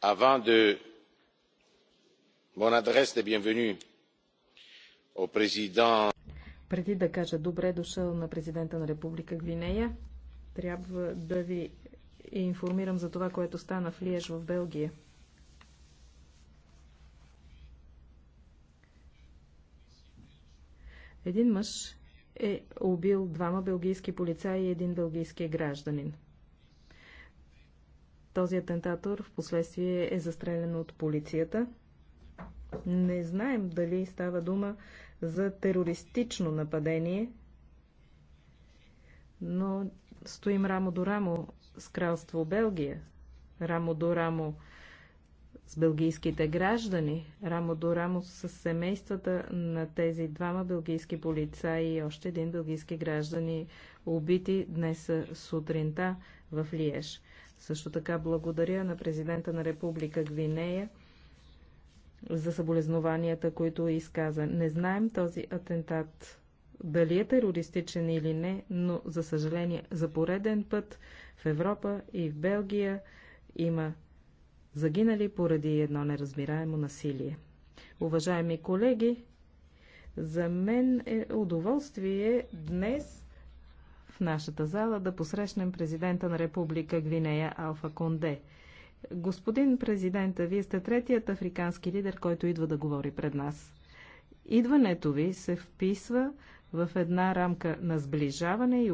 avant mon adresse de bienvenue au président преди да кажа добре дошъл на президента на Република Гвинея, трябва да ви информирам за това, което стана в Лиеж в Белгия. Един мъж е убил двама белгийски полицаи и един белгийски гражданин. Този атентатор в последствие е застрелен от полицията. Не знаем дали става дума за терористично нападение, но стоим рамо до рамо с кралство Белгия, рамо до рамо с белгийските граждани, рамо до рамо с семействата на тези двама белгийски полицаи и още един белгийски граждани, убити днес сутринта в Лиеж. Също така благодаря на президента на Република Гвинея за съболезнованията, които изказа. Не знаем този атентат дали е терористичен или не, но за съжаление за пореден път в Европа и в Белгия има загинали поради едно неразбираемо насилие. Уважаеми колеги, за мен е удоволствие днес в нашата зала да посрещнем президента на Република Гвинея Алфа Конде. Господин президента, вие сте третият африкански лидер, който идва да говори пред нас. Идването ви се вписва в една рамка на сближаване и